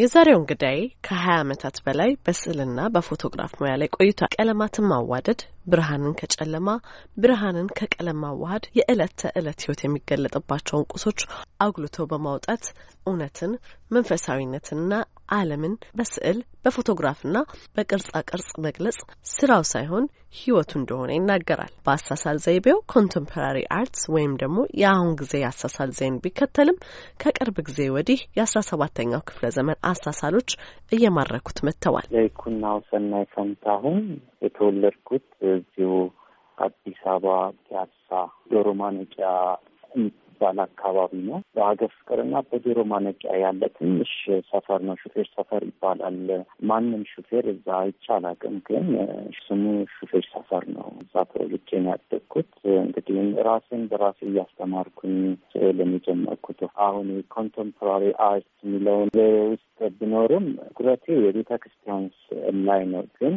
የዛሬው ከ ከሀያ ዓመታት በላይ በስዕልና በፎቶግራፍ ሙያ ላይ ቆይቷል። ቀለማትን ማዋደድ፣ ብርሃንን ከጨለማ ብርሃንን ከቀለም ማዋሃድ የዕለት ተዕለት ህይወት የሚገለጥባቸውን ቁሶች አጉልቶ በማውጣት እውነትን መንፈሳዊነትንና ዓለምን በስዕል በፎቶግራፍና በቅርጻ ቅርጽ መግለጽ ስራው ሳይሆን ህይወቱ እንደሆነ ይናገራል። በአሳሳል ዘይቤው ኮንቴምፖራሪ አርትስ ወይም ደግሞ የአሁን ጊዜ የአሳሳል ዘይን ቢከተልም ከቅርብ ጊዜ ወዲህ የአስራ ሰባተኛው ክፍለ ዘመን አሳሳሎች እየማረኩት መጥተዋል። ኩናው ሰናይ ፈንታሁን የተወለድኩት እዚሁ አዲስ አበባ ፒያሳ ዶሮ ማነቂያ የሚባል አካባቢ ነው። በሀገር ፍቅርና በጆሮ ማነቂያ ያለ ትንሽ ሰፈር ነው። ሹፌር ሰፈር ይባላል። ማንም ሹፌር እዛ አይቻላቅም፣ ግን ስሙ ሹፌር ሰፈር ነው። እዛ ተወልጄ ነው ያደግኩት። እንግዲህ ራሴን በራሴ እያስተማርኩኝ ስዕል የጀመርኩት አሁን ኮንቴምፖራሪ አርት የሚለውን ውስጥ ብኖርም ትኩረቴ የቤተ ክርስቲያን ስዕል ላይ ነው ግን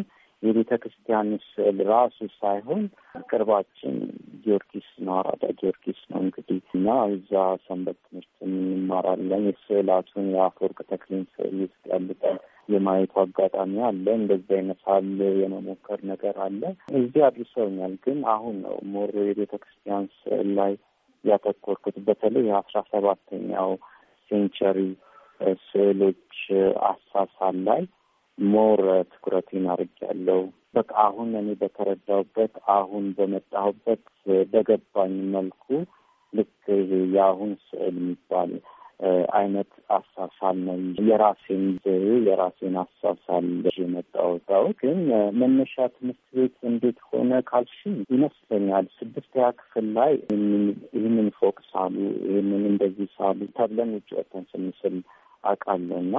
የቤተ ክርስቲያን ስዕል ራሱ ሳይሆን ቅርባችን ጊዮርጊስ ነው፣ አራዳ ጊዮርጊስ ነው። እንግዲህ እና እዛ ሰንበት ትምህርት እንማራለን። የስዕላቱን የአፈወርቅ ተክሌን ስዕል ውስጥ ያሉትን የማየቱ አጋጣሚ አለ። እንደዚህ አይነት ሳል የመሞከር ነገር አለ። እዚህ አድርሰውኛል። ግን አሁን ነው ሞር የቤተ ክርስቲያን ስዕል ላይ ያተኮርኩት። በተለይ የአስራ ሰባተኛው ሴንቸሪ ስዕሎች አሳሳል ላይ ሞር ትኩረቴን አድርጌያለሁ። በቃ አሁን እኔ በተረዳሁበት አሁን በመጣሁበት በገባኝ መልኩ የአሁን ስዕል የሚባል አይነት አሳሳል ነው እንጂ የራሴን ዘዬ የራሴን አሳሳል የመጣወጣው ግን መነሻ ትምህርት ቤት እንዴት ሆነ ካልሽ ይመስለኛል ስድስተኛ ክፍል ላይ ይህንን ፎቅ ሳሉ ይህንን እንደዚህ ሳሉ ተብለን ውጭ ወጥተን ስንስል አውቃለሁ እና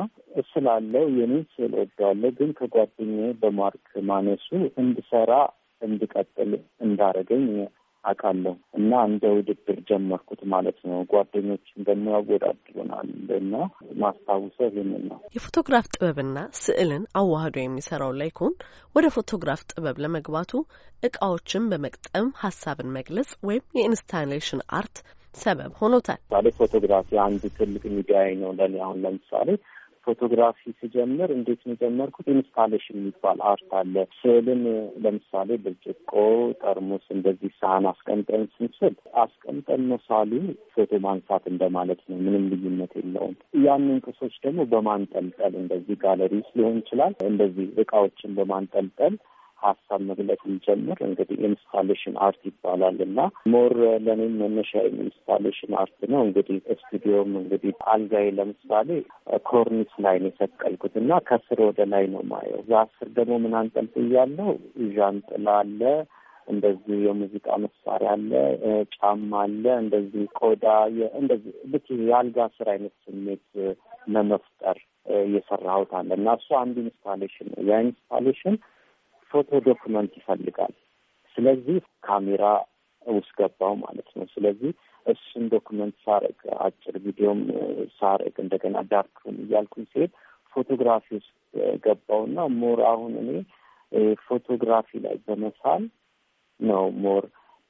ስላለው የኔ ስል ወዳለሁ ግን ከጓደኛዬ በማርክ ማነሱ እንድሰራ እንድቀጥል እንዳረገኝ አውቃለሁ እና እንደ ውድድር ጀመርኩት ማለት ነው። ጓደኞች እንደሚያወዳድሩናል ያወዳድሩናል እና ማስታውሰው ይህንን ነው። የፎቶግራፍ ጥበብና ስዕልን አዋህዶ የሚሰራው ላይኮን ወደ ፎቶግራፍ ጥበብ ለመግባቱ እቃዎችን በመቅጠም ሀሳብን መግለጽ ወይም የኢንስታሌሽን አርት ሰበብ ሆኖታል። ምሳሌ ፎቶግራፊ አንዱ ትልቅ ሚዲያ ነው ለኔ። አሁን ለምሳሌ ፎቶግራፊ ስጀምር እንዴት ነው የጀመርኩት? ኢንስታሌሽን የሚባል አርት አለ። ስዕልን ለምሳሌ ብርጭቆ፣ ጠርሙስ እንደዚህ ሳህን አስቀምጠን ስንስል አስቀምጠን መሳሉ ፎቶ ማንሳት እንደማለት ነው። ምንም ልዩነት የለውም። ያንን ቅሶች ደግሞ በማንጠልጠል እንደዚህ ጋለሪ ውስጥ ሊሆን ይችላል። እንደዚህ እቃዎችን በማንጠልጠል ሀሳብ መግለጽ እንጀምር። እንግዲህ ኢንስታሌሽን አርት ይባላል እና ሞር ለእኔም መነሻ ኢንስታሌሽን አርት ነው። እንግዲህ ስቱዲዮም እንግዲህ አልጋዬ ለምሳሌ ኮርኒስ ላይ ነው የሰቀልኩት እና ከስር ወደ ላይ ነው ማየው። እዛ ስር ደግሞ ምን አንጠልጥያለሁ? ዣንጥላ አለ፣ እንደዚህ የሙዚቃ መሳሪያ አለ፣ ጫማ አለ፣ እንደዚህ ቆዳ፣ እንደዚህ ልክ የአልጋ ስር አይነት ስሜት ለመፍጠር የሰራሁት አለ እና እሱ አንዱ ኢንስታሌሽን ነው። ያ ኢንስታሌሽን ፎቶ ዶክመንት ይፈልጋል። ስለዚህ ካሜራ ውስጥ ገባው ማለት ነው። ስለዚህ እሱን ዶክመንት ሳረግ፣ አጭር ቪዲዮም ሳረግ፣ እንደገና ዳርክም እያልኩኝ ሲሄድ ፎቶግራፊ ውስጥ ገባው እና ሞር አሁን እኔ ፎቶግራፊ ላይ በመሳል ነው ሞር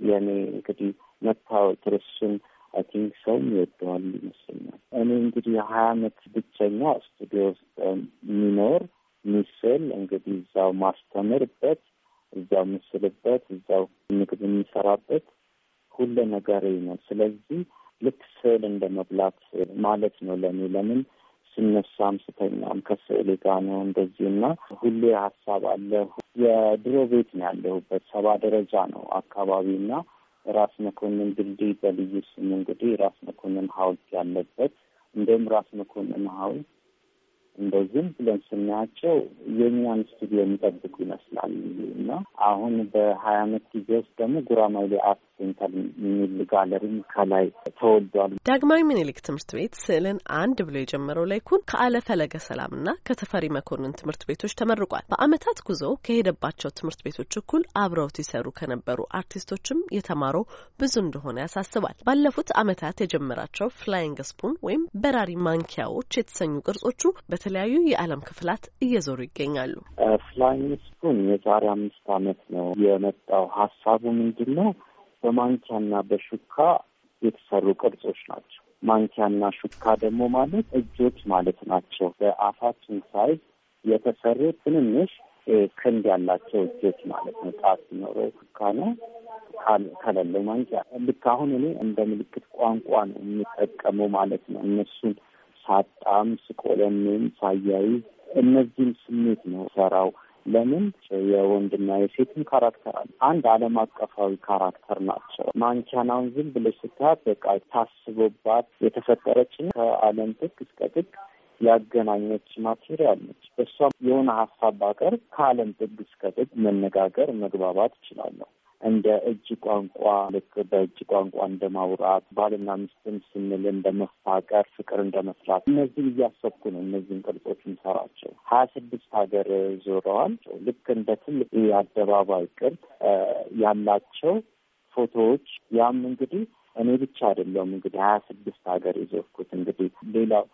የእኔ እንግዲህ መታወቅ ርሱን አይ ቲንክ ሰውም ይወደዋል ይመስለኛል። እኔ እንግዲህ የሀያ አመት ብቸኛ ስቱዲዮ ውስጥ የሚኖር ምስል እንግዲህ እዛው ማስተምርበት፣ እዛው ምስልበት፣ እዛው ምግብ የሚሰራበት ሁሉ ነገር ነው። ስለዚህ ልክ ስዕል እንደ መብላት ማለት ነው ለእኔ ለምን ስነሳም ስተኛም ከስዕል ጋ ነው እንደዚህ እና ሁሌ ሀሳብ አለ። የድሮ ቤት ነው ያለሁበት ሰባ ደረጃ ነው አካባቢ እና ራስ መኮንን ድልድይ በልዩ ስም እንግዲህ ራስ መኮንን ሐውልት ያለበት እንደውም ራስ መኮንን ሐውልት እንደ ዝም ብለን ስናያቸው የእኛን ስቱዲዮ የሚጠብቁ ይመስላል እና አሁን በሀያ አመት ጊዜ ውስጥ ደግሞ ጉራማይሌ አርት ሴንተር የሚል ጋለሪም ከላይ ተወዷል። ዳግማዊ ምኒልክ ትምህርት ቤት ስዕልን አንድ ብሎ የጀመረው ላይኩን ከአለ ፈለገ ሰላምና ከተፈሪ መኮንን ትምህርት ቤቶች ተመርቋል። በአመታት ጉዞ ከሄደባቸው ትምህርት ቤቶች እኩል አብረውት ይሰሩ ከነበሩ አርቲስቶችም የተማረው ብዙ እንደሆነ ያሳስባል። ባለፉት አመታት የጀመራቸው ፍላይንግ ስፑን ወይም በራሪ ማንኪያዎች የተሰኙ ቅርጾቹ በተለያዩ የዓለም ክፍላት እየዞሩ ይገኛሉ። ፍላይንግ ስፑን የዛሬ አምስት ዓመት ነው የመጣው። ሀሳቡ ምንድን ነው? በማንኪያና በሹካ የተሰሩ ቅርጾች ናቸው። ማንኪያና ሹካ ደግሞ ማለት እጆች ማለት ናቸው። በአፋችን ሳይዝ የተሰሩ ትንንሽ ክንድ ያላቸው እጆች ማለት ነው። ጣት ሲኖረው ሹካ ነው፣ ከሌለው ማንኪያ። ልክ አሁን እኔ እንደ ምልክት ቋንቋ ነው የሚጠቀመው ማለት ነው እነሱን ሳጣም፣ ስቆለምም ሳያይዝ እነዚህም ስሜት ነው ሰራው ለምን የወንድና የሴትም ካራክተር አለ። አንድ ዓለም አቀፋዊ ካራክተር ናቸው። ማንኪያናውን ዝም ብለሽ ስታት በቃ ታስቦባት የተፈጠረችን ከዓለም ጥግ እስከ ጥግ ያገናኘች ማቴሪያል ነች። በሷም የሆነ ሀሳብ ባቀር ከዓለም ጥግ እስከ ጥግ መነጋገር መግባባት ይችላለሁ። እንደ እጅ ቋንቋ ልክ በእጅ ቋንቋ እንደ ማውራት፣ ባልና ሚስትን ስንል እንደ መፋቀር፣ ፍቅር እንደ መስራት እነዚህ እያሰብኩ ነው። እነዚህን ቅርጾች ምሰራቸው ሀያ ስድስት ሀገር ዞረዋል። ልክ እንደ ትልቅ የአደባባይ ቅርጽ ያላቸው ፎቶዎች ያም እንግዲህ እኔ ብቻ አይደለሁም እንግዲህ ሀያ ስድስት ሀገር የዞርኩት እንግዲህ ሌላው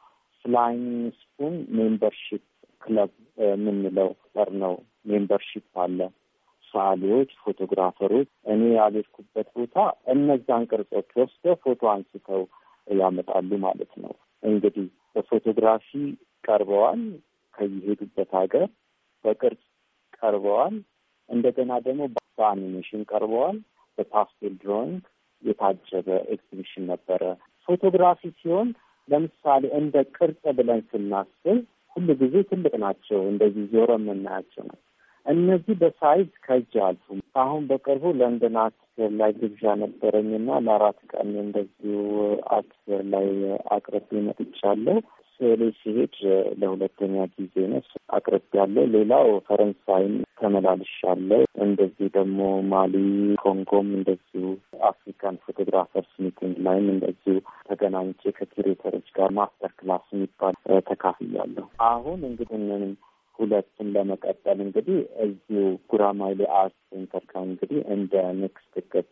ፍላይንግ ስፑን ሜምበርሺፕ ክለብ የምንለው ጠር ነው ሜምበርሺፕ አለ ሳሌዎች፣ ፎቶግራፈሮች እኔ ያልሄድኩበት ቦታ እነዛን ቅርጾች ወስደው ፎቶ አንስተው ያመጣሉ ማለት ነው። እንግዲህ በፎቶግራፊ ቀርበዋል፣ ከየሄዱበት ሀገር በቅርጽ ቀርበዋል። እንደገና ደግሞ በአኒሜሽን ቀርበዋል። በፓስቴል ድሮይንግ የታጀበ ኤግዚቢሽን ነበረ። ፎቶግራፊ ሲሆን ለምሳሌ እንደ ቅርጽ ብለን ስናስብ ሁሉ ጊዜ ትልቅ ናቸው፣ እንደዚህ ዞረ የምናያቸው ናቸው። እነዚህ በሳይዝ ከእጅ አልፉ። አሁን በቅርቡ ለንደን አክስፌር ላይ ግብዣ ነበረኝና ለአራት ቀን እንደዚሁ አክስፌር ላይ አቅርቤ መጥቻለሁ። ስዕሌ ሲሄድ ለሁለተኛ ጊዜ ነው አቅርቤ ያለው። ሌላው ፈረንሳይም ተመላልሻለሁ። እንደዚህ ደግሞ ማሊ፣ ኮንጎም እንደዚሁ አፍሪካን ፎቶግራፈርስ ሚቲንግ ላይም እንደዚሁ ተገናኝቼ ከኪሬተሮች ጋር ማስተር ክላስ የሚባል ተካፍያለሁ። አሁን እንግዲህ ሁለቱን ለመቀጠል እንግዲህ እዚሁ ጉራማይሌ አርት ሴንተር እንግዲህ እንደ ኔክስት እቅድ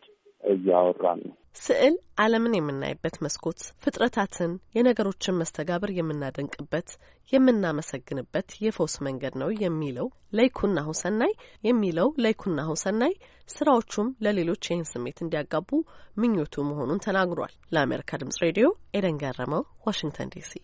እያወራን ነው። ስዕል ዓለምን የምናይበት መስኮት፣ ፍጥረታትን፣ የነገሮችን መስተጋብር የምናደንቅበት የምናመሰግንበት የፈውስ መንገድ ነው የሚለው ለይኩና ሁሰናይ የሚለው ለይኩና ሁሰናይ ስራዎቹም ለሌሎች ይህን ስሜት እንዲያጋቡ ምኞቱ መሆኑን ተናግሯል። ለአሜሪካ ድምጽ ሬዲዮ ኤደን ገረመው፣ ዋሽንግተን ዲሲ